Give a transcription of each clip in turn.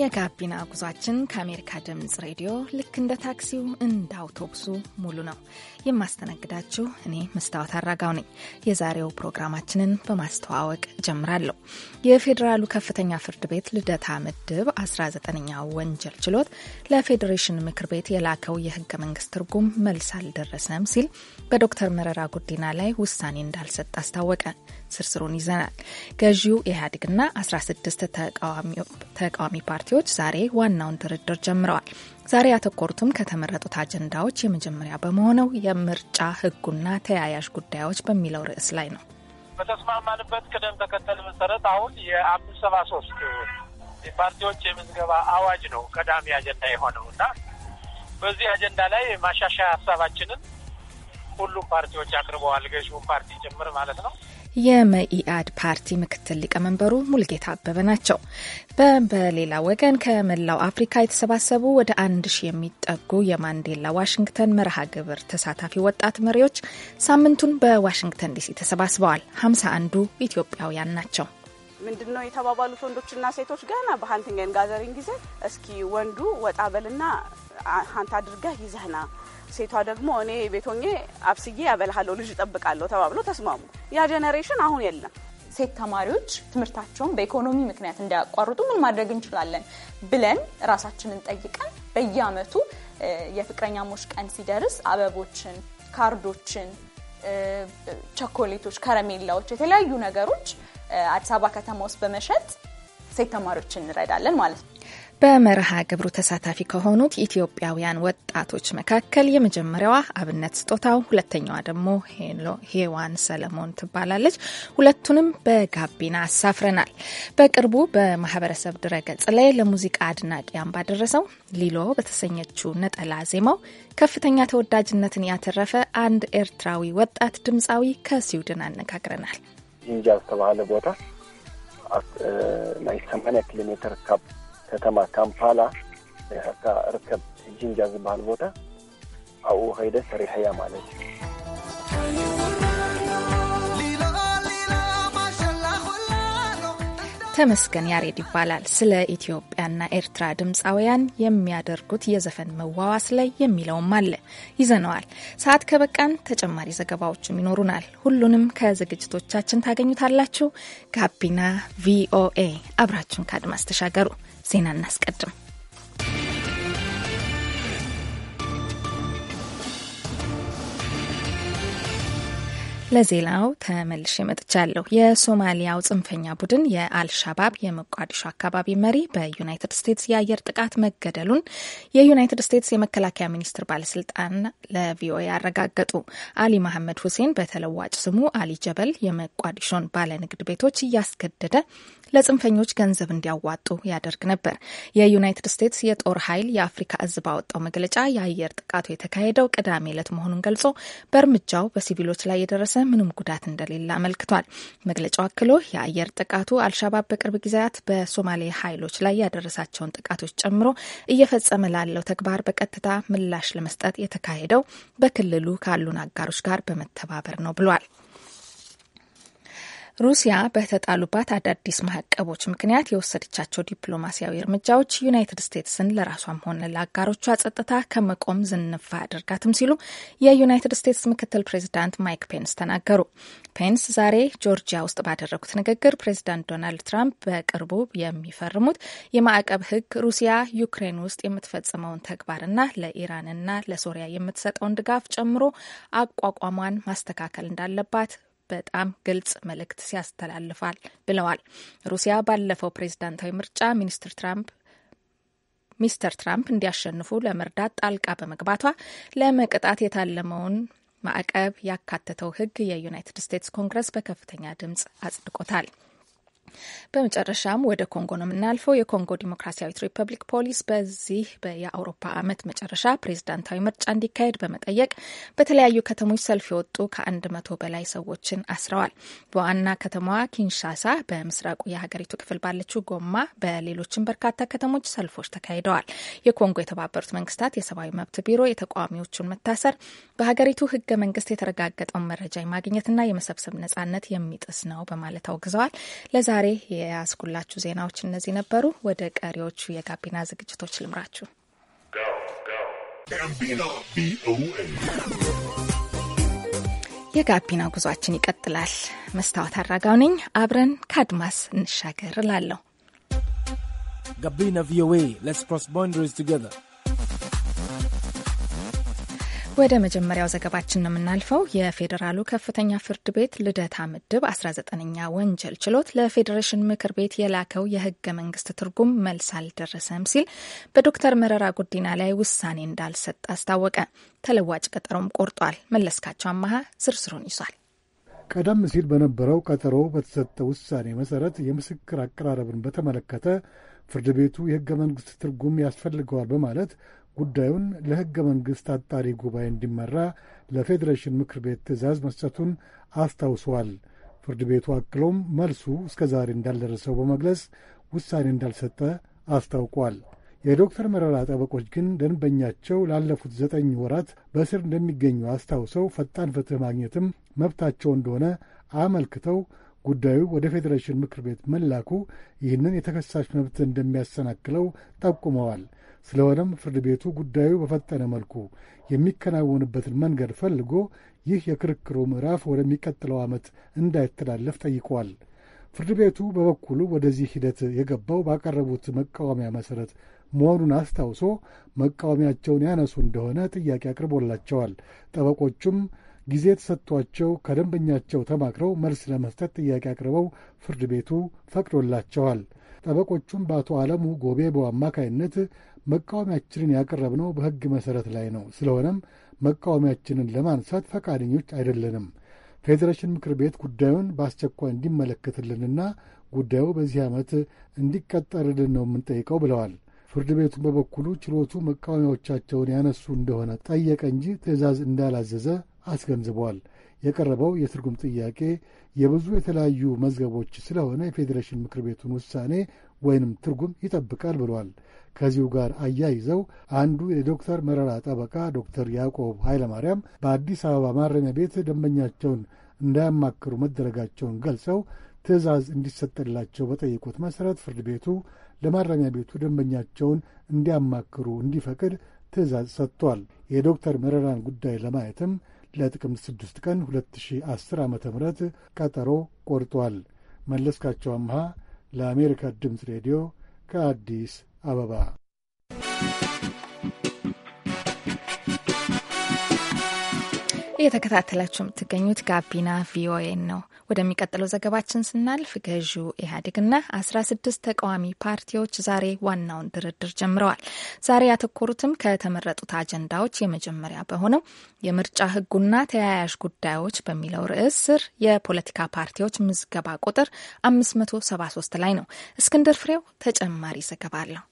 የጋቢና ጉዟችን ከአሜሪካ ድምፅ ሬዲዮ ልክ እንደ ታክሲው እንደ አውቶቡሱ ሙሉ ነው። የማስተናግዳችሁ እኔ መስታወት አራጋው ነኝ። የዛሬው ፕሮግራማችንን በማስተዋወቅ ጀምራለሁ። የፌዴራሉ ከፍተኛ ፍርድ ቤት ልደታ ምድብ 19ኛ ወንጀል ችሎት ለፌዴሬሽን ምክር ቤት የላከው የህገ መንግስት ትርጉም መልስ አልደረሰም ሲል በዶክተር መረራ ጉዲና ላይ ውሳኔ እንዳልሰጥ አስታወቀ። ስርስሩን ይዘናል። ገዢው ኢህአዴግና 16 ተቃዋሚ ፓርቲዎች ዛሬ ዋናውን ድርድር ጀምረዋል። ዛሬ ያተኮሩትም ከተመረጡት አጀንዳዎች የመጀመሪያ በመሆነው የምርጫ ህጉና ተያያዥ ጉዳዮች በሚለው ርዕስ ላይ ነው። በተስማማንበት ቅደም ተከተል መሰረት አሁን የአምስት ሰባ ሶስት የፓርቲዎች የምዝገባ አዋጅ ነው ቀዳሚ አጀንዳ የሆነው እና በዚህ አጀንዳ ላይ ማሻሻያ ሀሳባችንን ሁሉም ፓርቲዎች አቅርበዋል። ገዥውን ፓርቲ ጭምር ማለት ነው። የመኢአድ ፓርቲ ምክትል ሊቀመንበሩ ሙልጌታ አበበ ናቸው። በሌላ ወገን ከመላው አፍሪካ የተሰባሰቡ ወደ አንድ ሺህ የሚጠጉ የማንዴላ ዋሽንግተን መርሃ ግብር ተሳታፊ ወጣት መሪዎች ሳምንቱን በዋሽንግተን ዲሲ ተሰባስበዋል። ሀምሳ አንዱ ኢትዮጵያውያን ናቸው። ምንድን ነው የተባባሉት? ወንዶችና ሴቶች ገና በሀንቲንግ ኤንድ ጋዘሪንግ ጊዜ እስኪ ወንዱ ወጣ በልና ሀንት አድርገህ ይዘህና ሴቷ ደግሞ እኔ ቤት ሆኜ አብስዬ ያበልሃለሁ፣ ልጅ እጠብቃለሁ ተባብሎ ተስማሙ። ያ ጄኔሬሽን አሁን የለም። ሴት ተማሪዎች ትምህርታቸውን በኢኮኖሚ ምክንያት እንዳያቋርጡ ምን ማድረግ እንችላለን ብለን ራሳችንን ጠይቀን በየአመቱ የፍቅረኛሞች ቀን ሲደርስ አበቦችን፣ ካርዶችን፣ ቸኮሌቶች፣ ከረሜላዎች፣ የተለያዩ ነገሮች አዲስ አበባ ከተማ ውስጥ በመሸጥ ሴት ተማሪዎች እንረዳለን ማለት ነው። በመርሃ ግብሩ ተሳታፊ ከሆኑት ኢትዮጵያውያን ወጣቶች መካከል የመጀመሪያዋ አብነት ስጦታው፣ ሁለተኛዋ ደግሞ ሄዋን ሰለሞን ትባላለች። ሁለቱንም በጋቢና አሳፍረናል። በቅርቡ በማህበረሰብ ድረገጽ ላይ ለሙዚቃ አድናቂያን ባደረሰው ሊሎ በተሰኘችው ነጠላ ዜማው ከፍተኛ ተወዳጅነትን ያተረፈ አንድ ኤርትራዊ ወጣት ድምፃዊ ከስዊድን አነጋግረናል። ጂንጃ ዝተባሃለ ቦታ ናይ 8 ኪሎ ሜትር ካብ ከተማ ካምፓላ ካ ርከብ ጅንጃ ዝበሃል ቦታ ኣብኡ ኸይደ ሰሪሐያ ማለት እዩ ተመስገን ያሬድ ይባላል። ስለ ኢትዮጵያና ኤርትራ ድምፃውያን የሚያደርጉት የዘፈን መዋዋስ ላይ የሚለውም አለ ይዘነዋል። ሰዓት ከበቃን ተጨማሪ ዘገባዎችም ይኖሩናል። ሁሉንም ከዝግጅቶቻችን ታገኙታላችሁ። ጋቢና ቪኦኤ አብራችሁን ከአድማስ ተሻገሩ። ዜና እናስቀድም። ለዜናው ተመልሼ መጥቻለሁ። የሶማሊያው ጽንፈኛ ቡድን የአልሻባብ የሞቃዲሾ አካባቢ መሪ በዩናይትድ ስቴትስ የአየር ጥቃት መገደሉን የዩናይትድ ስቴትስ የመከላከያ ሚኒስቴር ባለስልጣን ለቪኦኤ አረጋገጡ። አሊ መሐመድ ሁሴን በተለዋጭ ስሙ አሊ ጀበል የሞቃዲሾን ባለንግድ ቤቶች እያስገደደ ለጽንፈኞች ገንዘብ እንዲያዋጡ ያደርግ ነበር። የዩናይትድ ስቴትስ የጦር ኃይል የአፍሪካ እዝ ባወጣው መግለጫ የአየር ጥቃቱ የተካሄደው ቅዳሜ ዕለት መሆኑን ገልጾ በእርምጃው በሲቪሎች ላይ የደረሰ ምንም ጉዳት እንደሌለ አመልክቷል። መግለጫው አክሎ የአየር ጥቃቱ አልሻባብ በቅርብ ጊዜያት በሶማሌ ኃይሎች ላይ ያደረሳቸውን ጥቃቶች ጨምሮ እየፈጸመ ላለው ተግባር በቀጥታ ምላሽ ለመስጠት የተካሄደው በክልሉ ካሉን አጋሮች ጋር በመተባበር ነው ብሏል። ሩሲያ በተጣሉባት አዳዲስ ማዕቀቦች ምክንያት የወሰደቻቸው ዲፕሎማሲያዊ እርምጃዎች ዩናይትድ ስቴትስን ለራሷም ሆነ ለአጋሮቿ ጸጥታ ከመቆም ዝንፋ አድርጋትም ሲሉ የዩናይትድ ስቴትስ ምክትል ፕሬዚዳንት ማይክ ፔንስ ተናገሩ። ፔንስ ዛሬ ጆርጂያ ውስጥ ባደረጉት ንግግር ፕሬዚዳንት ዶናልድ ትራምፕ በቅርቡ የሚፈርሙት የማዕቀብ ሕግ ሩሲያ ዩክሬን ውስጥ የምትፈጽመውን ተግባርና ለኢራንና ለሶሪያ የምትሰጠውን ድጋፍ ጨምሮ አቋቋሟን ማስተካከል እንዳለባት በጣም ግልጽ መልእክት ሲያስተላልፋል ብለዋል። ሩሲያ ባለፈው ፕሬዝዳንታዊ ምርጫ ሚኒስትር ትራምፕ ሚስተር ትራምፕ እንዲያሸንፉ ለመርዳት ጣልቃ በመግባቷ ለመቅጣት የታለመውን ማዕቀብ ያካተተው ሕግ የዩናይትድ ስቴትስ ኮንግረስ በከፍተኛ ድምፅ አጽድቆታል። በመጨረሻም ወደ ኮንጎ ነው የምናልፈው። የኮንጎ ዲሞክራሲያዊት ሪፐብሊክ ፖሊስ በዚህ የአውሮፓ ዓመት መጨረሻ ፕሬዝዳንታዊ ምርጫ እንዲካሄድ በመጠየቅ በተለያዩ ከተሞች ሰልፍ የወጡ ከአንድ መቶ በላይ ሰዎችን አስረዋል። በዋና ከተማዋ ኪንሻሳ፣ በምስራቁ የሀገሪቱ ክፍል ባለችው ጎማ፣ በሌሎችም በርካታ ከተሞች ሰልፎች ተካሂደዋል። የኮንጎ የተባበሩት መንግስታት የሰብአዊ መብት ቢሮ የተቃዋሚዎቹን መታሰር በሀገሪቱ ህገ መንግስት የተረጋገጠውን መረጃ የማግኘትና የመሰብሰብ ነጻነት የሚጥስ ነው በማለት አውግዘዋል። ለዛሬ የያዝኩላችሁ ዜናዎች እነዚህ ነበሩ። ወደ ቀሪዎቹ የጋቢና ዝግጅቶች ልምራችሁ። የጋቢና ጉዟችን ይቀጥላል። መስታወት አራጋው ነኝ። አብረን ከአድማስ እንሻገር እላለሁ። ጋቢና ቪኦኤ ሌትስ ክሮስ ባውንደሪስ ቱጌዘር ወደ መጀመሪያው ዘገባችን ነው የምናልፈው። የፌዴራሉ ከፍተኛ ፍርድ ቤት ልደታ ምድብ 19ኛ ወንጀል ችሎት ለፌዴሬሽን ምክር ቤት የላከው የህገ መንግስት ትርጉም መልስ አልደረሰም ሲል በዶክተር መረራ ጉዲና ላይ ውሳኔ እንዳልሰጥ አስታወቀ። ተለዋጭ ቀጠሮም ቆርጧል። መለስካቸው አማሃ ዝርዝሩን ይዟል። ቀደም ሲል በነበረው ቀጠሮ በተሰጠ ውሳኔ መሰረት የምስክር አቀራረብን በተመለከተ ፍርድ ቤቱ የህገ መንግስት ትርጉም ያስፈልገዋል በማለት ጉዳዩን ለሕገ መንግሥት አጣሪ ጉባኤ እንዲመራ ለፌዴሬሽን ምክር ቤት ትእዛዝ መስጠቱን አስታውሰዋል። ፍርድ ቤቱ አክሎም መልሱ እስከ ዛሬ እንዳልደረሰው በመግለጽ ውሳኔ እንዳልሰጠ አስታውቋል። የዶክተር መረራ ጠበቆች ግን ደንበኛቸው ላለፉት ዘጠኝ ወራት በእስር እንደሚገኙ አስታውሰው ፈጣን ፍትሕ ማግኘትም መብታቸው እንደሆነ አመልክተው ጉዳዩ ወደ ፌዴሬሽን ምክር ቤት መላኩ ይህንን የተከሳሽ መብት እንደሚያሰናክለው ጠቁመዋል። ስለሆነም ፍርድ ቤቱ ጉዳዩ በፈጠነ መልኩ የሚከናወንበትን መንገድ ፈልጎ ይህ የክርክሩ ምዕራፍ ወደሚቀጥለው ዓመት እንዳይተላለፍ ጠይቋል። ፍርድ ቤቱ በበኩሉ ወደዚህ ሂደት የገባው ባቀረቡት መቃወሚያ መሠረት መሆኑን አስታውሶ መቃወሚያቸውን ያነሱ እንደሆነ ጥያቄ አቅርቦላቸዋል። ጠበቆቹም ጊዜ ተሰጥቷቸው ከደንበኛቸው ተማክረው መልስ ለመስጠት ጥያቄ አቅርበው ፍርድ ቤቱ ፈቅዶላቸዋል። ጠበቆቹም በአቶ ዓለሙ ጎቤቦ አማካይነት መቃወሚያችንን ያቀረብነው በሕግ መሠረት ላይ ነው። ስለሆነም መቃወሚያችንን ለማንሳት ፈቃደኞች አይደለንም። ፌዴሬሽን ምክር ቤት ጉዳዩን በአስቸኳይ እንዲመለከትልንና ጉዳዩ በዚህ ዓመት እንዲቀጠርልን ነው የምንጠይቀው ብለዋል። ፍርድ ቤቱን በበኩሉ ችሎቱ መቃወሚያዎቻቸውን ያነሱ እንደሆነ ጠየቀ እንጂ ትዕዛዝ እንዳላዘዘ አስገንዝበዋል። የቀረበው የትርጉም ጥያቄ የብዙ የተለያዩ መዝገቦች ስለሆነ የፌዴሬሽን ምክር ቤቱን ውሳኔ ወይንም ትርጉም ይጠብቃል ብሏል። ከዚሁ ጋር አያይዘው አንዱ የዶክተር መረራ ጠበቃ ዶክተር ያዕቆብ ኃይለማርያም በአዲስ አበባ ማረሚያ ቤት ደንበኛቸውን እንዳያማክሩ መደረጋቸውን ገልጸው ትዕዛዝ እንዲሰጥላቸው በጠየቁት መሠረት ፍርድ ቤቱ ለማረሚያ ቤቱ ደንበኛቸውን እንዲያማክሩ እንዲፈቅድ ትዕዛዝ ሰጥቷል። የዶክተር መረራን ጉዳይ ለማየትም ለጥቅምት 6 ቀን 2010 ዓ ም ቀጠሮ ቆርጧል። መለስካቸው አምሃ ለአሜሪካ ድምፅ ሬዲዮ ከአዲስ አበባ። እየተከታተላችሁ የምትገኙት ጋቢና ቪኦኤን ነው። ወደሚቀጥለው ዘገባችን ስናልፍ ገዢው ኢህአዴግና አስራ ስድስት ተቃዋሚ ፓርቲዎች ዛሬ ዋናውን ድርድር ጀምረዋል። ዛሬ ያተኮሩትም ከተመረጡት አጀንዳዎች የመጀመሪያ በሆነው የምርጫ ህጉና ተያያዥ ጉዳዮች በሚለው ርዕስ ስር የፖለቲካ ፓርቲዎች ምዝገባ ቁጥር አምስት መቶ ሰባ ሶስት ላይ ነው። እስክንድር ፍሬው ተጨማሪ ዘገባ አለው።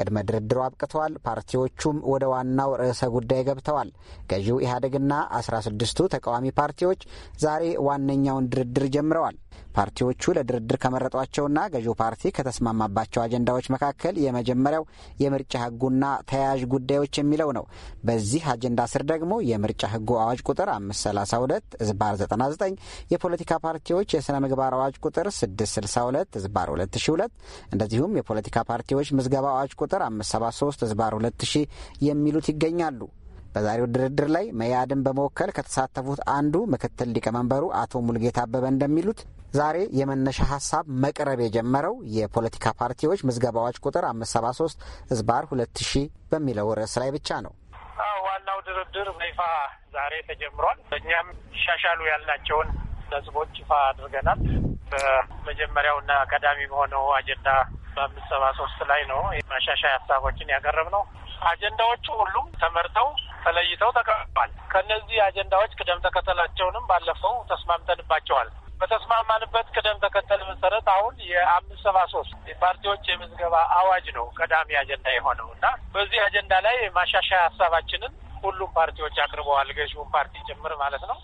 ቅድመ ድርድሩ አብቅተዋል። ፓርቲዎቹም ወደ ዋናው ርዕሰ ጉዳይ ገብተዋል። ገዢው ኢህአዴግና አስራ ስድስቱ ተቃዋሚ ፓርቲዎች ዛሬ ዋነኛውን ድርድር ጀምረዋል። ፓርቲዎቹ ለድርድር ከመረጧቸውና ገዢው ፓርቲ ከተስማማባቸው አጀንዳዎች መካከል የመጀመሪያው የምርጫ ህጉና ተያያዥ ጉዳዮች የሚለው ነው። በዚህ አጀንዳ ስር ደግሞ የምርጫ ህጉ አዋጅ ቁጥር 532 ዝባር 99፣ የፖለቲካ ፓርቲዎች የሥነ ምግባር አዋጅ ቁጥር 662 ዝባር 2002፣ እንደዚሁም የፖለቲካ ፓርቲዎች ምዝገባ አዋጅ ቁጥር 573 ዝባር 2000 የሚሉት ይገኛሉ። በዛሬው ድርድር ላይ መያድን በመወከል ከተሳተፉት አንዱ ምክትል ሊቀመንበሩ አቶ ሙልጌታ አበበ እንደሚሉት ዛሬ የመነሻ ሀሳብ መቅረብ የጀመረው የፖለቲካ ፓርቲዎች ምዝገባዎች ቁጥር 573 ዝባር 2000 በሚለው ርዕስ ላይ ብቻ ነው። ዋናው ድርድር በይፋ ዛሬ ተጀምሯል። እኛም ይሻሻሉ ያልናቸውን ነጥቦች ይፋ አድርገናል። በመጀመሪያውና ቀዳሚ በሆነው አጀንዳ በአምስት ሰባ ሶስት ላይ ነው ማሻሻያ ሀሳቦችን ያቀረብ ነው። አጀንዳዎቹ ሁሉም ተመርተው ተለይተው ተቀርበዋል። ከእነዚህ አጀንዳዎች ቅደም ተከተላቸውንም ባለፈው ተስማምተንባቸዋል። በተስማማንበት ቅደም ተከተል መሰረት አሁን የአምስት ሰባ ሶስት የፓርቲዎች የምዝገባ አዋጅ ነው ቀዳሚ አጀንዳ የሆነው እና በዚህ አጀንዳ ላይ ማሻሻያ ሀሳባችንን ሁሉም ፓርቲዎች አቅርበዋል፣ ገዥውን ፓርቲ ጭምር ማለት ነው።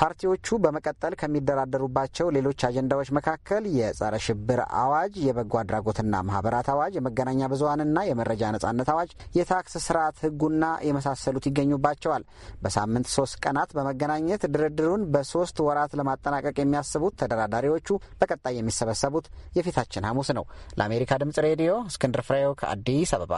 ፓርቲዎቹ በመቀጠል ከሚደራደሩባቸው ሌሎች አጀንዳዎች መካከል የጸረ ሽብር አዋጅ፣ የበጎ አድራጎትና ማህበራት አዋጅ፣ የመገናኛ ብዙሀንና የመረጃ ነጻነት አዋጅ፣ የታክስ ስርዓት ህጉና የመሳሰሉት ይገኙባቸዋል። በሳምንት ሶስት ቀናት በመገናኘት ድርድሩን በሶስት ወራት ለማጠናቀቅ የሚያስቡት ተደራዳሪዎቹ በቀጣይ የሚሰበሰቡት የፊታችን ሐሙስ ነው። ለአሜሪካ ድምጽ ሬዲዮ እስክንድር ፍሬው ከአዲስ አበባ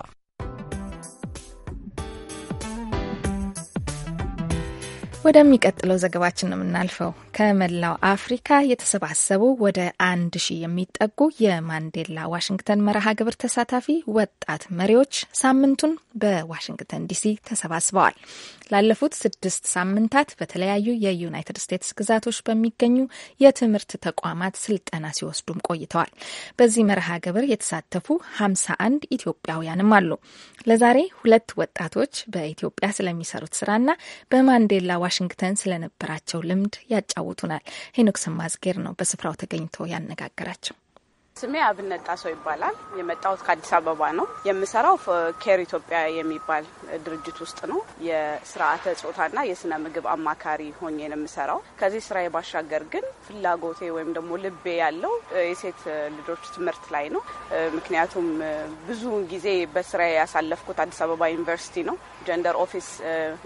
ወደሚቀጥለው ዘገባችን ነው የምናልፈው። ከመላው አፍሪካ የተሰባሰቡ ወደ አንድ ሺህ የሚጠጉ የማንዴላ ዋሽንግተን መርሃ ግብር ተሳታፊ ወጣት መሪዎች ሳምንቱን በዋሽንግተን ዲሲ ተሰባስበዋል። ላለፉት ስድስት ሳምንታት በተለያዩ የዩናይትድ ስቴትስ ግዛቶች በሚገኙ የትምህርት ተቋማት ስልጠና ሲወስዱም ቆይተዋል። በዚህ መርሃ ግብር የተሳተፉ ሀምሳ አንድ ኢትዮጵያውያንም አሉ። ለዛሬ ሁለት ወጣቶች በኢትዮጵያ ስለሚሰሩት ስራና በማንዴላ ዋሽንግተን ስለነበራቸው ልምድ ያጫውቱናል። ሄኖክስ ማዝጌር ነው በስፍራው ተገኝቶ ያነጋገራቸው። ስሜ አብነጣ ሰው ይባላል። የመጣሁት ከአዲስ አበባ ነው። የምሰራው ኬር ኢትዮጵያ የሚባል ድርጅት ውስጥ ነው። የስርዓተ ጾታና የስነ ምግብ አማካሪ ሆኜ ነው የምሰራው። ከዚህ ስራ ባሻገር ግን ፍላጎቴ ወይም ደግሞ ልቤ ያለው የሴት ልጆች ትምህርት ላይ ነው። ምክንያቱም ብዙውን ጊዜ በስራ ያሳለፍኩት አዲስ አበባ ዩኒቨርሲቲ ነው። ጀንደር ኦፊስ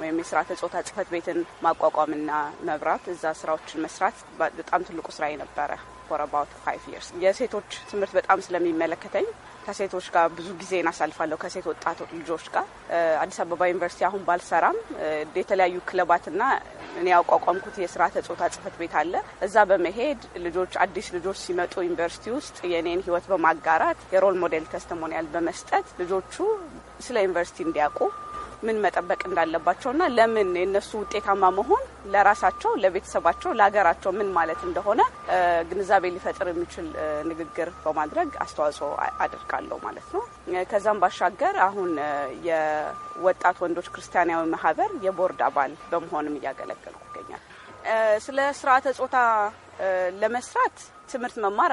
ወይም የስርዓተ ጾታ ጽህፈት ቤትን ማቋቋምና መብራት እዛ ስራዎችን መስራት በጣም ትልቁ ስራዬ ነበረ። ፎር አባውት ፋይቭ ይርስ የሴቶች ትምህርት በጣም ስለሚመለከተኝ ከሴቶች ጋር ብዙ ጊዜ እናሳልፋለሁ። ከሴት ወጣት ልጆች ጋር አዲስ አበባ ዩኒቨርሲቲ አሁን ባልሰራም የተለያዩ ክለባትና እኔ ያቋቋምኩት የስራ ተጾታ ጽህፈት ቤት አለ። እዛ በመሄድ ልጆች አዲስ ልጆች ሲመጡ ዩኒቨርሲቲ ውስጥ የእኔን ህይወት በማጋራት የሮል ሞዴል ተስተሞኒያል በመስጠት ልጆቹ ስለ ዩኒቨርሲቲ እንዲያውቁ ምን መጠበቅ እንዳለባቸው እና ለምን የእነሱ ውጤታማ መሆን ለራሳቸው፣ ለቤተሰባቸው፣ ለሀገራቸው ምን ማለት እንደሆነ ግንዛቤ ሊፈጥር የሚችል ንግግር በማድረግ አስተዋጽኦ አድርጋለሁ ማለት ነው። ከዛም ባሻገር አሁን የወጣት ወንዶች ክርስቲያናዊ ማህበር የቦርድ አባል በመሆንም እያገለገልኩ ይገኛል። ስለ ስርዓተ ጾታ ለመስራት ትምህርት መማር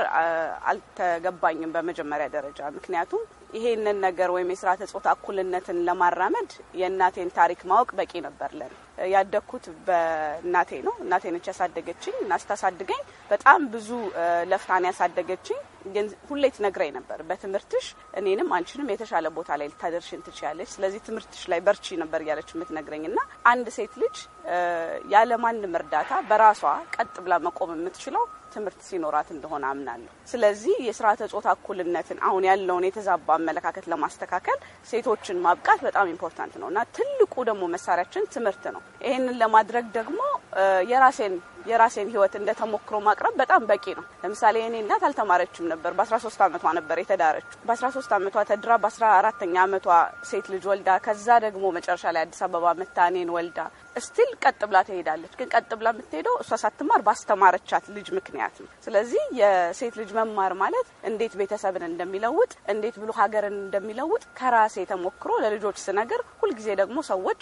አልተገባኝም በመጀመሪያ ደረጃ። ምክንያቱም ይሄንን ነገር ወይም የስርዓተ ጾታ እኩልነትን ለማራመድ የእናቴን ታሪክ ማወቅ በቂ ነበር ለን ያደግኩት በእናቴ ነው። እናቴ ነች ያሳደገችኝ እና ስታሳድገኝ በጣም ብዙ ለፍታን ያሳደገችኝ። ግን ሁሌ ትነግረኝ ነበር በትምህርትሽ እኔንም አንቺንም የተሻለ ቦታ ላይ ልታደርሽን ትችያለች፣ ስለዚህ ትምህርትሽ ላይ በርቺ ነበር እያለች የምትነግረኝ እና አንድ ሴት ልጅ ያለማንም እርዳታ በራሷ ቀጥ ብላ መቆም የምትችለው ትምህርት ሲኖራት እንደሆነ አምናለሁ። ስለዚህ የስርዓተ ጾታ እኩልነትን አሁን ያለውን የተዛባ አመለካከት ለማስተካከል ሴቶችን ማብቃት በጣም ኢምፖርታንት ነው እና ትልቁ ደግሞ መሳሪያችን ትምህርት ነው። ይህንን ለማድረግ ደግሞ የራሴን የራሴን ህይወት እንደተሞክሮ ማቅረብ በጣም በቂ ነው። ለምሳሌ እኔ እናት አልተማረችም ነበር። በ13 ዓመቷ ነበር የተዳረችው። በ13 ዓመቷ ተድራ በ14ተኛ ዓመቷ ሴት ልጅ ወልዳ ከዛ ደግሞ መጨረሻ ላይ አዲስ አበባ መታ እኔን ወልዳ እስቲል ቀጥ ብላ ትሄዳለች። ግን ቀጥ ብላ የምትሄደው እሷ ሳትማር ባስተማረቻት ልጅ ምክንያት ነው። ስለዚህ የሴት ልጅ መማር ማለት እንዴት ቤተሰብን እንደሚለውጥ እንዴት ብሎ ሀገርን እንደሚለውጥ ከራሴ ተሞክሮ ለልጆች ስነግር፣ ሁልጊዜ ደግሞ ሰዎች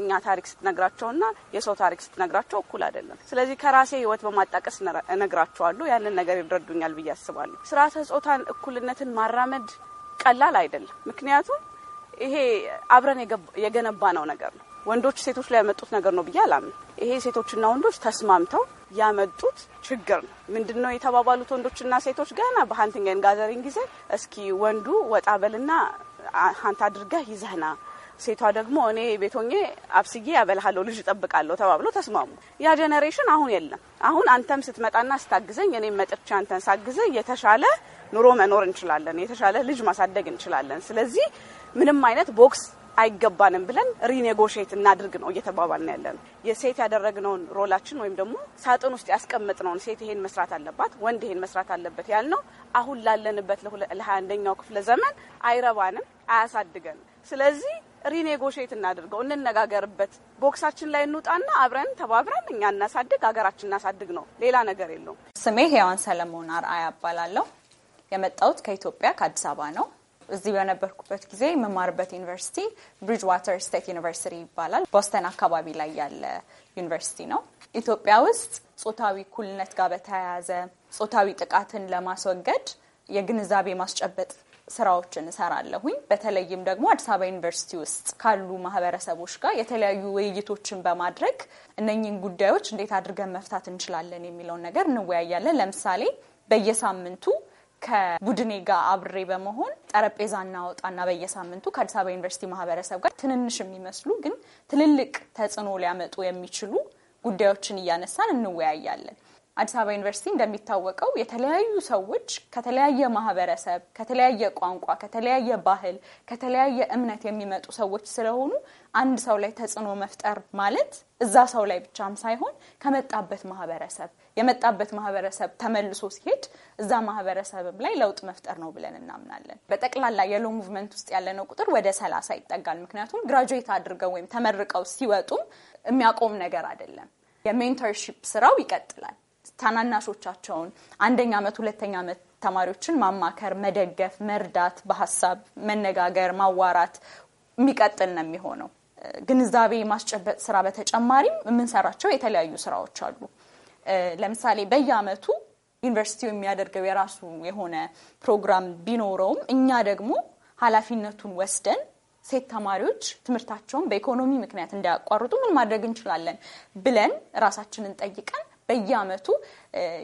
እኛ ታሪክ ስትነግራቸውና የሰው ታሪክ ስትነግራቸው እኩል አይደለም። ስለዚህ ከራሴ ህይወት በማጣቀስ እነግራቸዋለሁ። ያንን ነገር ይረዱኛል ብዬ አስባለሁ። ስርዓተ ጾታን እኩልነትን ማራመድ ቀላል አይደለም። ምክንያቱም ይሄ አብረን የገነባ ነው ነገር ነው። ወንዶች ሴቶች ላይ ያመጡት ነገር ነው ብዬ አላምን። ይሄ ሴቶችና ወንዶች ተስማምተው ያመጡት ችግር ነው። ምንድን ነው የተባባሉት? ወንዶችና ሴቶች ገና በሀንቲንግ ኤንድ ጋዘሪንግ ጊዜ እስኪ ወንዱ ወጣ በልና ሀንት አድርገህ ይዘህና ሴቷ ደግሞ እኔ ቤቶኜ አብስዬ ያበልሃለሁ፣ ልጅ እጠብቃለሁ ተባብሎ ተስማሙ። ያ ጀኔሬሽን አሁን የለም። አሁን አንተም ስትመጣና ስታግዘኝ፣ እኔም መጥቼ አንተን ሳግዘ የተሻለ ኑሮ መኖር እንችላለን፣ የተሻለ ልጅ ማሳደግ እንችላለን። ስለዚህ ምንም አይነት ቦክስ አይገባንም ብለን ሪኔጎሽት እናድርግ ነው እየተባባልን ያለ ነው። የሴት ያደረግነውን ሮላችን ወይም ደግሞ ሳጥን ውስጥ ያስቀመጥነውን ሴት ይሄን መስራት አለባት፣ ወንድ ይሄን መስራት አለበት ያልነው አሁን ላለንበት ለሀያ አንደኛው ክፍለ ዘመን አይረባንም፣ አያሳድገንም። ስለዚህ ሪኔጎሽት እናድርገው፣ እንነጋገርበት፣ ቦክሳችን ላይ እንውጣና አብረን ተባብረን እኛ እናሳድግ፣ ሀገራችን እናሳድግ ነው። ሌላ ነገር የለውም። ስሜ ሄዋን ሰለሞን አርአያ እባላለሁ። የመጣሁት ከኢትዮጵያ ከአዲስ አበባ ነው። እዚህ በነበርኩበት ጊዜ የመማርበት ዩኒቨርሲቲ ብሪጅ ዋተር ስቴት ዩኒቨርሲቲ ይባላል። ቦስተን አካባቢ ላይ ያለ ዩኒቨርሲቲ ነው። ኢትዮጵያ ውስጥ ጾታዊ እኩልነት ጋር በተያያዘ ጾታዊ ጥቃትን ለማስወገድ የግንዛቤ ማስጨበጥ ስራዎችን እሰራለሁኝ። በተለይም ደግሞ አዲስ አበባ ዩኒቨርሲቲ ውስጥ ካሉ ማህበረሰቦች ጋር የተለያዩ ውይይቶችን በማድረግ እነኝን ጉዳዮች እንዴት አድርገን መፍታት እንችላለን የሚለውን ነገር እንወያያለን። ለምሳሌ በየሳምንቱ ከቡድኔ ጋር አብሬ በመሆን ጠረጴዛ እናወጣና በየሳምንቱ ከአዲስ አበባ ዩኒቨርሲቲ ማህበረሰብ ጋር ትንንሽ የሚመስሉ ግን ትልልቅ ተጽዕኖ ሊያመጡ የሚችሉ ጉዳዮችን እያነሳን እንወያያለን። አዲስ አበባ ዩኒቨርሲቲ እንደሚታወቀው የተለያዩ ሰዎች ከተለያየ ማህበረሰብ፣ ከተለያየ ቋንቋ፣ ከተለያየ ባህል፣ ከተለያየ እምነት የሚመጡ ሰዎች ስለሆኑ አንድ ሰው ላይ ተጽዕኖ መፍጠር ማለት እዛ ሰው ላይ ብቻም ሳይሆን ከመጣበት ማህበረሰብ የመጣበት ማህበረሰብ ተመልሶ ሲሄድ እዛ ማህበረሰብም ላይ ለውጥ መፍጠር ነው ብለን እናምናለን። በጠቅላላ የሎ ሙቭመንት ውስጥ ያለነው ቁጥር ወደ ሰላሳ ይጠጋል። ምክንያቱም ግራጁዌት አድርገው ወይም ተመርቀው ሲወጡም የሚያቆም ነገር አይደለም። የሜንቶርሺፕ ስራው ይቀጥላል። ታናናሾቻቸውን አንደኛ ዓመት ሁለተኛ ዓመት ተማሪዎችን ማማከር፣ መደገፍ፣ መርዳት፣ በሀሳብ መነጋገር፣ ማዋራት የሚቀጥል ነው የሚሆነው። ግንዛቤ ማስጨበጥ ስራ በተጨማሪም የምንሰራቸው የተለያዩ ስራዎች አሉ። ለምሳሌ በየአመቱ ዩኒቨርሲቲው የሚያደርገው የራሱ የሆነ ፕሮግራም ቢኖረውም እኛ ደግሞ ኃላፊነቱን ወስደን ሴት ተማሪዎች ትምህርታቸውን በኢኮኖሚ ምክንያት እንዳያቋርጡ ምን ማድረግ እንችላለን ብለን ራሳችንን ጠይቀን በየአመቱ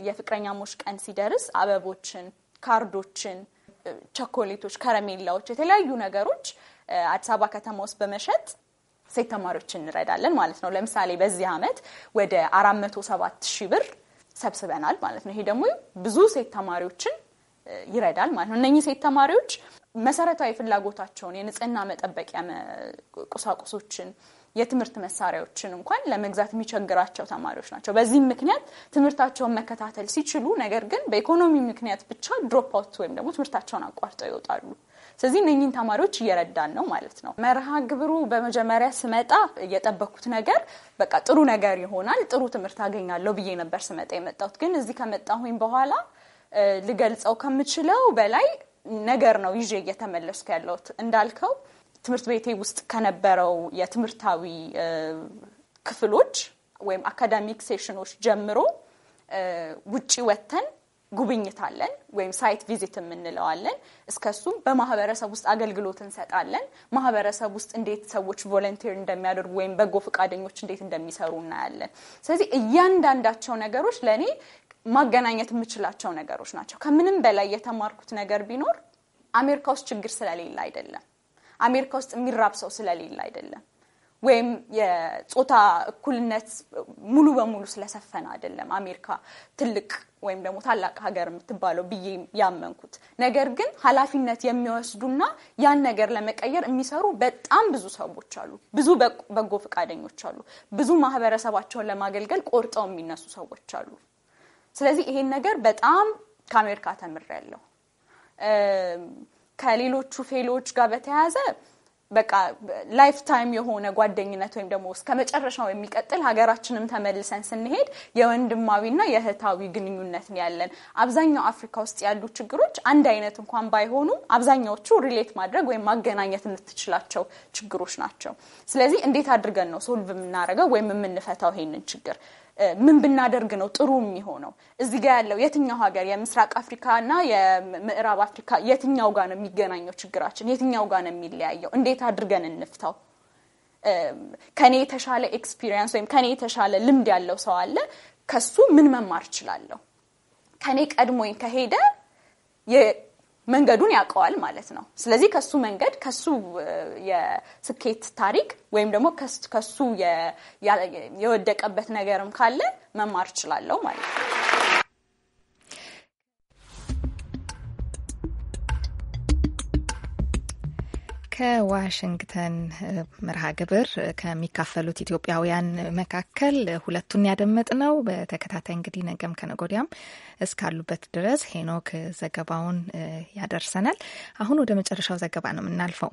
የፍቅረኛሞች ቀን ሲደርስ አበቦችን፣ ካርዶችን፣ ቸኮሌቶች፣ ከረሜላዎች፣ የተለያዩ ነገሮች አዲስ አበባ ከተማ ውስጥ በመሸጥ ሴት ተማሪዎች እንረዳለን ማለት ነው። ለምሳሌ በዚህ አመት ወደ አራት መቶ ሰባት ሺህ ብር ሰብስበናል ማለት ነው። ይሄ ደግሞ ብዙ ሴት ተማሪዎችን ይረዳል ማለት ነው። እነኚህ ሴት ተማሪዎች መሰረታዊ ፍላጎታቸውን የንጽህና መጠበቂያ ቁሳቁሶችን የትምህርት መሳሪያዎችን እንኳን ለመግዛት የሚቸግራቸው ተማሪዎች ናቸው። በዚህም ምክንያት ትምህርታቸውን መከታተል ሲችሉ፣ ነገር ግን በኢኮኖሚ ምክንያት ብቻ ድሮፕ አውት ወይም ደግሞ ትምህርታቸውን አቋርጠው ይወጣሉ። ስለዚህ እነኝን ተማሪዎች እየረዳን ነው ማለት ነው። መርሃ ግብሩ በመጀመሪያ ስመጣ የጠበኩት ነገር በቃ ጥሩ ነገር ይሆናል፣ ጥሩ ትምህርት አገኛለሁ ብዬ ነበር ስመጣ የመጣሁት። ግን እዚህ ከመጣሁኝ በኋላ ልገልጸው ከምችለው በላይ ነገር ነው ይዤ እየተመለስኩ ያለሁት እንዳልከው ትምህርት ቤቴ ውስጥ ከነበረው የትምህርታዊ ክፍሎች ወይም አካዳሚክ ሴሽኖች ጀምሮ ውጪ ወጥተን ጉብኝት አለን ወይም ሳይት ቪዚት የምንለዋለን። እስከሱም በማህበረሰብ ውስጥ አገልግሎት እንሰጣለን። ማህበረሰብ ውስጥ እንዴት ሰዎች ቮለንቲር እንደሚያደርጉ ወይም በጎ ፈቃደኞች እንዴት እንደሚሰሩ እናያለን። ስለዚህ እያንዳንዳቸው ነገሮች ለእኔ ማገናኘት የምችላቸው ነገሮች ናቸው። ከምንም በላይ የተማርኩት ነገር ቢኖር አሜሪካ ውስጥ ችግር ስለሌለ አይደለም አሜሪካ ውስጥ የሚራብ ሰው ስለሌለ አይደለም ወይም የጾታ እኩልነት ሙሉ በሙሉ ስለሰፈነ አይደለም አሜሪካ ትልቅ ወይም ደግሞ ታላቅ ሀገር የምትባለው ብዬ ያመንኩት። ነገር ግን ኃላፊነት የሚወስዱና ያን ነገር ለመቀየር የሚሰሩ በጣም ብዙ ሰዎች አሉ። ብዙ በጎ ፈቃደኞች አሉ። ብዙ ማህበረሰባቸውን ለማገልገል ቆርጠው የሚነሱ ሰዎች አሉ። ስለዚህ ይሄን ነገር በጣም ከአሜሪካ ተምሬያለሁ። ከሌሎቹ ፌሎዎች ጋር በተያያዘ በቃ ላይፍ ታይም የሆነ ጓደኝነት ወይም ደግሞ እስከ መጨረሻው የሚቀጥል ሀገራችንም ተመልሰን ስንሄድ የወንድማዊና የእህታዊ ግንኙነት ነው ያለን። አብዛኛው አፍሪካ ውስጥ ያሉ ችግሮች አንድ አይነት እንኳን ባይሆኑ አብዛኛዎቹ ሪሌት ማድረግ ወይም ማገናኘት የምትችላቸው ችግሮች ናቸው። ስለዚህ እንዴት አድርገን ነው ሶልቭ የምናደርገው ወይም የምንፈታው ይሄንን ችግር ምን ብናደርግ ነው ጥሩ የሚሆነው? እዚህ ጋር ያለው የትኛው ሀገር የምስራቅ አፍሪካና የምዕራብ አፍሪካ የትኛው ጋር ነው የሚገናኘው? ችግራችን የትኛው ጋር ነው የሚለያየው? እንዴት አድርገን እንፍታው? ከኔ የተሻለ ኤክስፒሪየንስ ወይም ከኔ የተሻለ ልምድ ያለው ሰው አለ፣ ከሱ ምን መማር እችላለሁ? ከኔ ቀድሞኝ ከሄደ መንገዱን ያውቀዋል ማለት ነው። ስለዚህ ከሱ መንገድ ከሱ የስኬት ታሪክ ወይም ደግሞ ከሱ የወደቀበት ነገርም ካለ መማር እችላለሁ ማለት ነው። ከዋሽንግተን መርሃ ግብር ከሚካፈሉት ኢትዮጵያውያን መካከል ሁለቱን ያደመጥ ነው። በተከታታይ እንግዲህ ነገም ከነጎዲያም እስካሉበት ድረስ ሄኖክ ዘገባውን ያደርሰናል። አሁን ወደ መጨረሻው ዘገባ ነው የምናልፈው።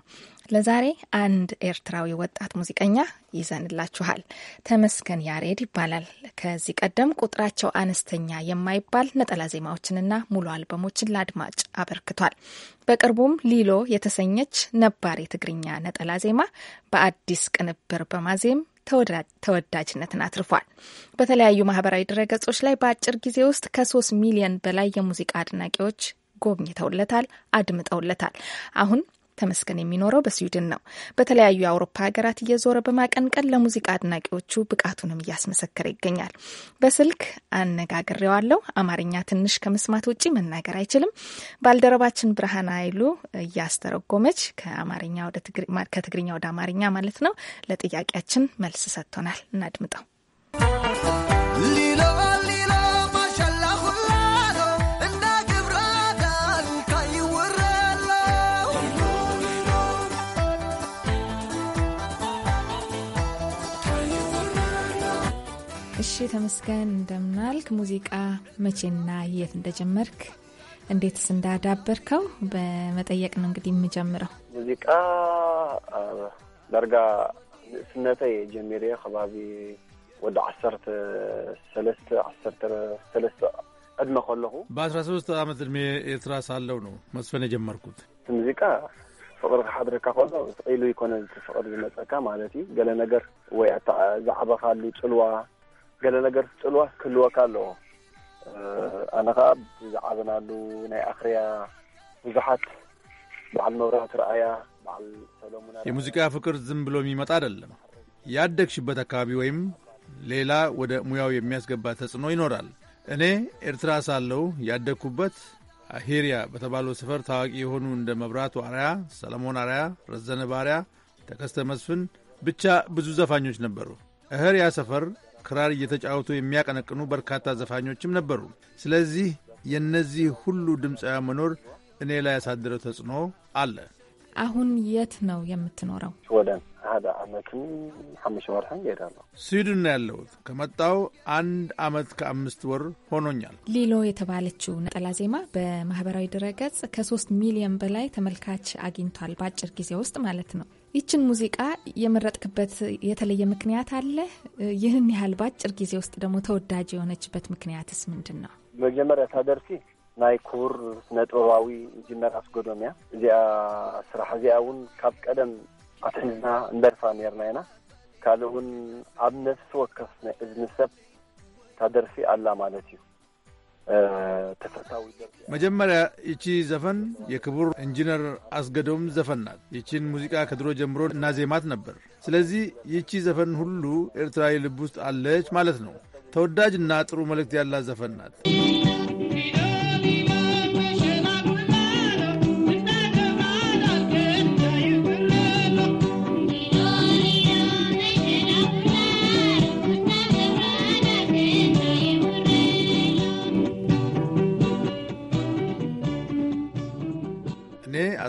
ለዛሬ አንድ ኤርትራዊ ወጣት ሙዚቀኛ ይዘንላችኋል። ተመስገን ያሬድ ይባላል። ከዚህ ቀደም ቁጥራቸው አነስተኛ የማይባል ነጠላ ዜማዎችንና ሙሉ አልበሞችን ለአድማጭ አበርክቷል። በቅርቡም ሊሎ የተሰኘች ነባር የትግርኛ ነጠላ ዜማ በአዲስ ቅንብር በማዜም ተወዳጅነትን አትርፏል። በተለያዩ ማህበራዊ ድረገጾች ላይ በአጭር ጊዜ ውስጥ ከሶስት ሚሊዮን በላይ የሙዚቃ አድናቂዎች ጎብኝተውለታል፣ አድምጠውለታል። አሁን ተመስገን የሚኖረው በስዊድን ነው። በተለያዩ የአውሮፓ ሀገራት እየዞረ በማቀንቀን ለሙዚቃ አድናቂዎቹ ብቃቱንም እያስመሰከረ ይገኛል። በስልክ አነጋግሬዋለሁ። አማርኛ ትንሽ ከመስማት ውጪ መናገር አይችልም። ባልደረባችን ብርሃን ኃይሉ እያስተረጎመች ከአማርኛ ከትግርኛ ወደ አማርኛ ማለት ነው ለጥያቄያችን መልስ ሰጥቶናል። እናድምጠው። እሺ ተመስገን እንደምናልክ ሙዚቃ መቼና የት እንደጀመርክ እንዴትስ እንዳዳበርከው በመጠየቅ ነው እንግዲህ የምጀምረው። ሙዚቃ ዳርጋ ንእስነተይ ጀሚረ ከባቢ ወደ ዓሰርተ ሰለስተ ዓሰርተ ሰለስተ ዕድመ ከለኹ በአስራ ሶስት ዓመት ዕድሜ ኤርትራ ሳለው ነው መስፈን የጀመርኩት ሙዚቃ ፍቅሪ ክሓድረካ ከሎ ኢሉ ይኮነ ፍቅሪ ዝመፀካ ማለት እዩ ገለ ነገር ወይ ዛዕበካሉ ፅልዋ ገለ ነገር ፅልዋ ክህልወካ ኣለዎ ኣነ ከዓ ብዝዓበናሉ ናይ ኣኽርያ ብዙሓት በዓል መብራህት ረኣያ በዓል ሰሎሙና የሙዚቃ ፍቅር ዝም ብሎ የሚመጣ አይደለም። ያደግሽበት አካባቢ ወይም ሌላ ወደ ሙያው የሚያስገባ ተጽዕኖ ይኖራል። እኔ ኤርትራ ሳለው ያደግኩበት ሂርያ በተባለው ሰፈር ታዋቂ የሆኑ እንደ መብራቱ አርያ፣ ሰለሞን አርያ፣ ረዘነ ባርያ፣ ተከስተ መስፍን ብቻ ብዙ ዘፋኞች ነበሩ። እህርያ ሰፈር ክራር እየተጫወቱ የሚያቀነቅኑ በርካታ ዘፋኞችም ነበሩ። ስለዚህ የእነዚህ ሁሉ ድምፃውያን መኖር እኔ ላይ ያሳደረው ተጽዕኖ አለ። አሁን የት ነው የምትኖረው? ወደ ሀደ ዓመትን ሐምሽ ወርሕን ሄዳለሁ። ስዊድን ነው ያለሁት። ከመጣው አንድ ዓመት ከአምስት ወር ሆኖኛል። ሊሎ የተባለችው ነጠላ ዜማ በማህበራዊ ድረገጽ ከሶስት ሚሊዮን በላይ ተመልካች አግኝቷል፣ በአጭር ጊዜ ውስጥ ማለት ነው። ይችን ሙዚቃ የመረጥክበት የተለየ ምክንያት አለ? ይህን ያህል ባጭር ጊዜ ውስጥ ደግሞ ተወዳጅ የሆነችበት ምክንያትስ ምንድን ነው? መጀመሪያ ታደርሲ ናይ ክቡር ስነ ጥበባዊ ኢንጂነር ኣስጎዶምያ እዚኣ ስራሕ እዚኣ እውን ካብ ቀደም ኣትሒዝና እንደርፋ ነርና ኢና ካልእ እውን ኣብ ነፍሲ ወከፍ ናይ እዝኒ ሰብ ታደርሲ ኣላ ማለት እዩ ተፈታዊነት መጀመሪያ ይቺ ዘፈን የክቡር ኢንጂነር አስገዶም ዘፈን ናት። ይቺን ሙዚቃ ከድሮ ጀምሮ እናዜማት ነበር። ስለዚህ ይቺ ዘፈን ሁሉ ኤርትራዊ ልብ ውስጥ አለች ማለት ነው። ተወዳጅና ጥሩ መልእክት ያላት ዘፈን ናት።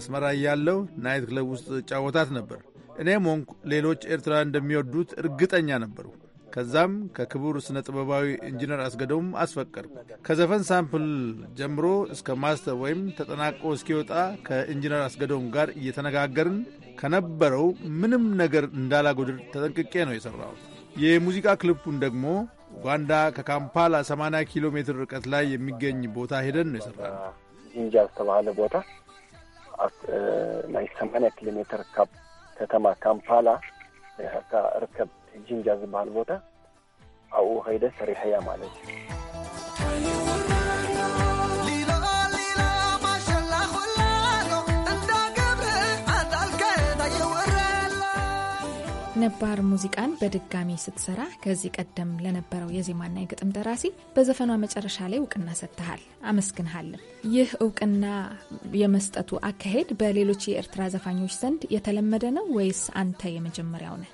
አስመራ እያለሁ ናይት ክለብ ውስጥ ጫወታት ነበር። እኔም ሆንኩ ሌሎች ኤርትራ እንደሚወዱት እርግጠኛ ነበሩ። ከዛም ከክቡር ስነ ጥበባዊ ኢንጂነር አስገደውም አስፈቀድኩ። ከዘፈን ሳምፕል ጀምሮ እስከ ማስተር ወይም ተጠናቆ እስኪወጣ ከኢንጂነር አስገደውም ጋር እየተነጋገርን ከነበረው ምንም ነገር እንዳላጎድር ተጠንቅቄ ነው የሠራሁት። የሙዚቃ ክሊፑን ደግሞ ኡጋንዳ ከካምፓላ 80 ኪሎ ሜትር ርቀት ላይ የሚገኝ ቦታ ሄደን ነው የሠራነው። ጂንጃ ተባለ ቦታ ናይ ሰማንያ ኪሎ ሜትር ካብ ከተማ ካምፓላ ካ ርከብ ጅንጃ ዝበሃል ቦታ ኣብኡ ከይደ ሰሪሐ እያ ማለት እዩ ነባር ሙዚቃን በድጋሚ ስትሰራ ከዚህ ቀደም ለነበረው የዜማና የግጥም ደራሲ በዘፈኗ መጨረሻ ላይ እውቅና ሰጥተሃል፣ አመስግንሃልም። ይህ እውቅና የመስጠቱ አካሄድ በሌሎች የኤርትራ ዘፋኞች ዘንድ የተለመደ ነው ወይስ አንተ የመጀመሪያው ነህ?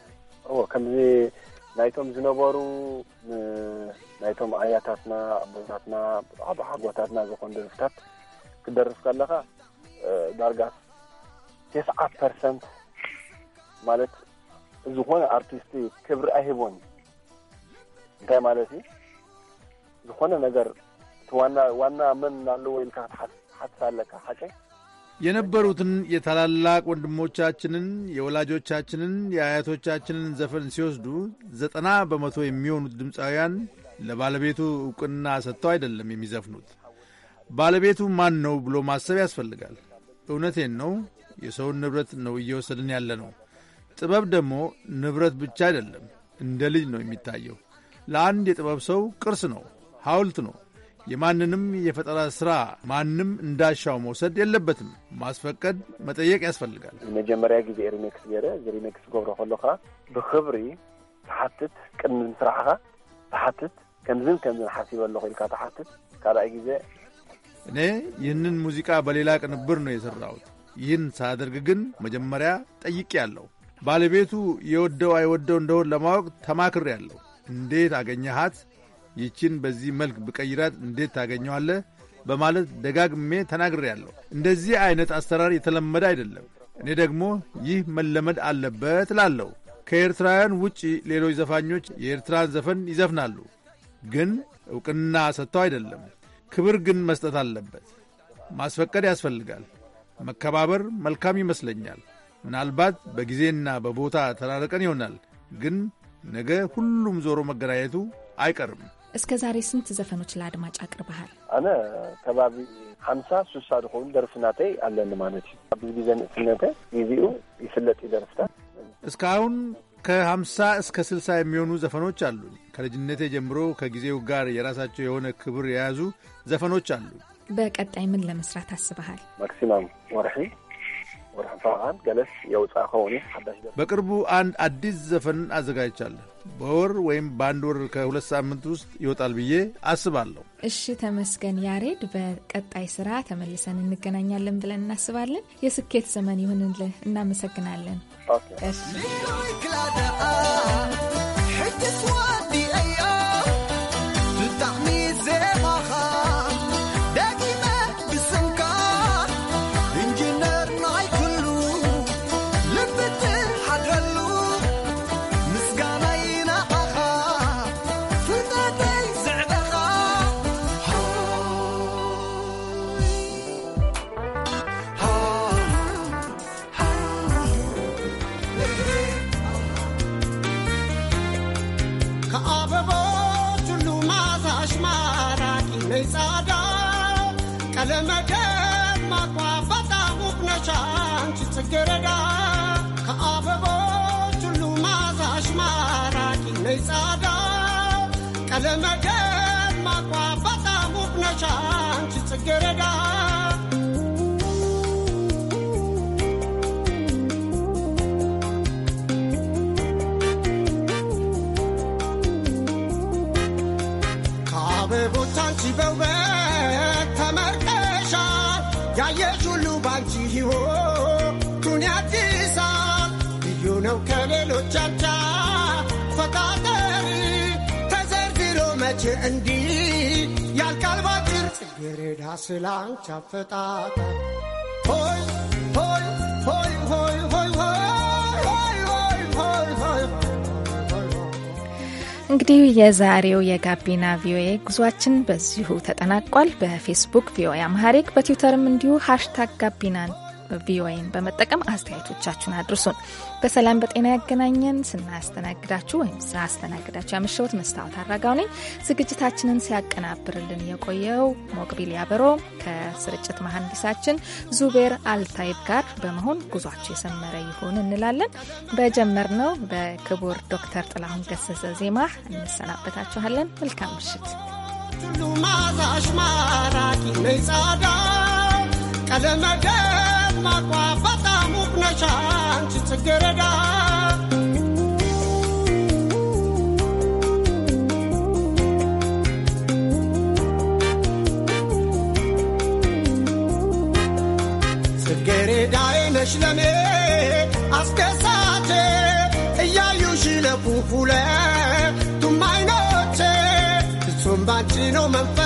ከምዚ ናይቶም ዝነበሩ ናይቶም ኣያታትና ኣቦታትና ኣብ ሓጎታትና ዝኾኑ ደርፍታት ክደርፍ ከለካ ዳርጋ ቴስዓት ፐርሰንት ማለት ዝኾነ ኣርቲስት ክብሪ ኣይሂቦን እንታይ ማለት እዩ ዝኾነ ነገር እቲ ዋና ዋና መን ኣለዎ ኢልካ ክትሓትት ኣለካ ሓቀ የነበሩትን የታላላቅ ወንድሞቻችንን የወላጆቻችንን የአያቶቻችንን ዘፈን ሲወስዱ ዘጠና በመቶ የሚሆኑት ድምፃውያን ለባለቤቱ እውቅና ሰጥተው አይደለም የሚዘፍኑት። ባለቤቱ ማን ነው ብሎ ማሰብ ያስፈልጋል። እውነቴን ነው። የሰውን ንብረት ነው እየወሰድን ያለ ነው። ጥበብ ደግሞ ንብረት ብቻ አይደለም፣ እንደ ልጅ ነው የሚታየው። ለአንድ የጥበብ ሰው ቅርስ ነው፣ ሐውልት ነው። የማንንም የፈጠራ ሥራ ማንም እንዳሻው መውሰድ የለበትም። ማስፈቀድ፣ መጠየቅ ያስፈልጋል። መጀመሪያ ጊዜ ሪሜክስ ገይረ እዚ ሪሜክስ ገብሮ ከለካ ብክብሪ ተሓትት ቅድሚ ስራሕኻ ተሓትት ከምዝን ከምዝን ሓሲበ ኣለኹ ኢልካ ተሓትት። ካልኣይ ግዜ እኔ ይህንን ሙዚቃ በሌላ ቅንብር ነው የሠራሁት። ይህን ሳደርግ ግን መጀመሪያ ጠይቄ ያለው። ባለቤቱ የወደው አይወደው እንደሆን ለማወቅ ተማክር ያለው እንዴት አገኘሃት? ይችን በዚህ መልክ ብቀይራት እንዴት ታገኘዋለህ? በማለት ደጋግሜ ተናግሬ ያለው እንደዚህ አይነት አሰራር የተለመደ አይደለም። እኔ ደግሞ ይህ መለመድ አለበት እላለሁ። ከኤርትራውያን ውጪ ሌሎች ዘፋኞች የኤርትራን ዘፈን ይዘፍናሉ፣ ግን እውቅና ሰጥተው አይደለም። ክብር ግን መስጠት አለበት። ማስፈቀድ ያስፈልጋል። መከባበር መልካም ይመስለኛል። ምናልባት በጊዜና በቦታ ተራርቀን ይሆናል፣ ግን ነገ ሁሉም ዞሮ መገናኘቱ አይቀርም። እስከ ዛሬ ስንት ዘፈኖች ለአድማጭ አቅርበሃል? አነ ከባቢ ሀምሳ ሱሳ ዝኾኑ ደርፍናተይ አለን ማለት እዩ ኣብዚ ግዜ ንእስነተ ይፍለጥ ይደርፍታ እስካሁን ከሀምሳ እስከ ስልሳ የሚሆኑ ዘፈኖች አሉ። ከልጅነቴ ጀምሮ ከጊዜው ጋር የራሳቸው የሆነ ክብር የያዙ ዘፈኖች አሉ። በቀጣይ ምን ለመስራት አስበሃል? ማክሲማም ወርሒ በቅርቡ አንድ አዲስ ዘፈን አዘጋጅቻለሁ። በወር ወይም በአንድ ወር ከሁለት ሳምንት ውስጥ ይወጣል ብዬ አስባለሁ። እሺ ተመስገን ያሬድ፣ በቀጣይ ስራ ተመልሰን እንገናኛለን ብለን እናስባለን። የስኬት ዘመን ይሁንልህ። እናመሰግናለን። ቆመሽ ማራኪ ነይ ጻዳ ቀለመ ደማቋ በጣም ውብ ነሽ አንቺ ጽጌረዳ እንዲህ ያልቃል ባጭር ጽጌረዳ ስላንቺ አፈጣጣ ሆይ ሆይ ሆይ ሆይ ሆይ እንግዲህ የዛሬው የጋቢና ቪኦኤ ጉዟችን በዚሁ ተጠናቋል። በፌስቡክ ቪኦኤ አማሃሪክ በትዊተርም እንዲሁ ሀሽታግ ጋቢና ቪኦኤን በመጠቀም አስተያየቶቻችሁን አድርሱን። በሰላም በጤና ያገናኘን። ስናስተናግዳችሁ ወይም ስናስተናግዳችሁ ያመሸሁት መስታወት አራጋው ነኝ። ዝግጅታችንን ሲያቀናብርልን የቆየው ሞቅቢል ያበሮ ከስርጭት መሐንዲሳችን ዙቤር አልታይብ ጋር በመሆን ጉዟቸው የሰመረ ይሁን እንላለን። በጀመርነው በክቡር ዶክተር ጥላሁን ገሰሰ ዜማ እንሰናበታችኋለን። መልካም ምሽት። ማዛሽ ማራኪ ነይጻዳ ቀለመደ ደማቋ በጣም ውብ ነሽ አንቺ ጽጌረዳ ጽጌረዳዬ ነሽ ለኔ አስደሳቼ እያዩሽ ለፉፉለ ቱማይኖቼ እሱም ባንቺ ነው መንፈ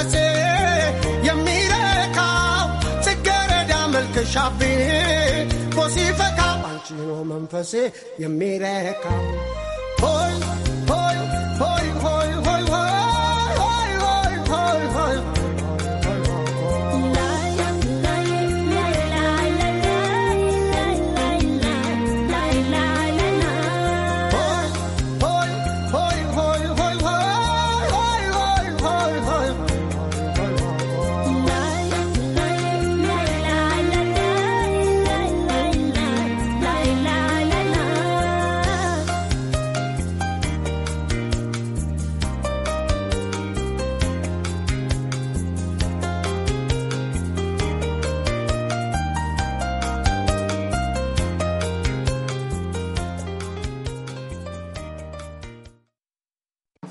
ያሻብኝ ቦሲፈካ ባንቺ ነው መንፈሴ የሚረካው ሆይ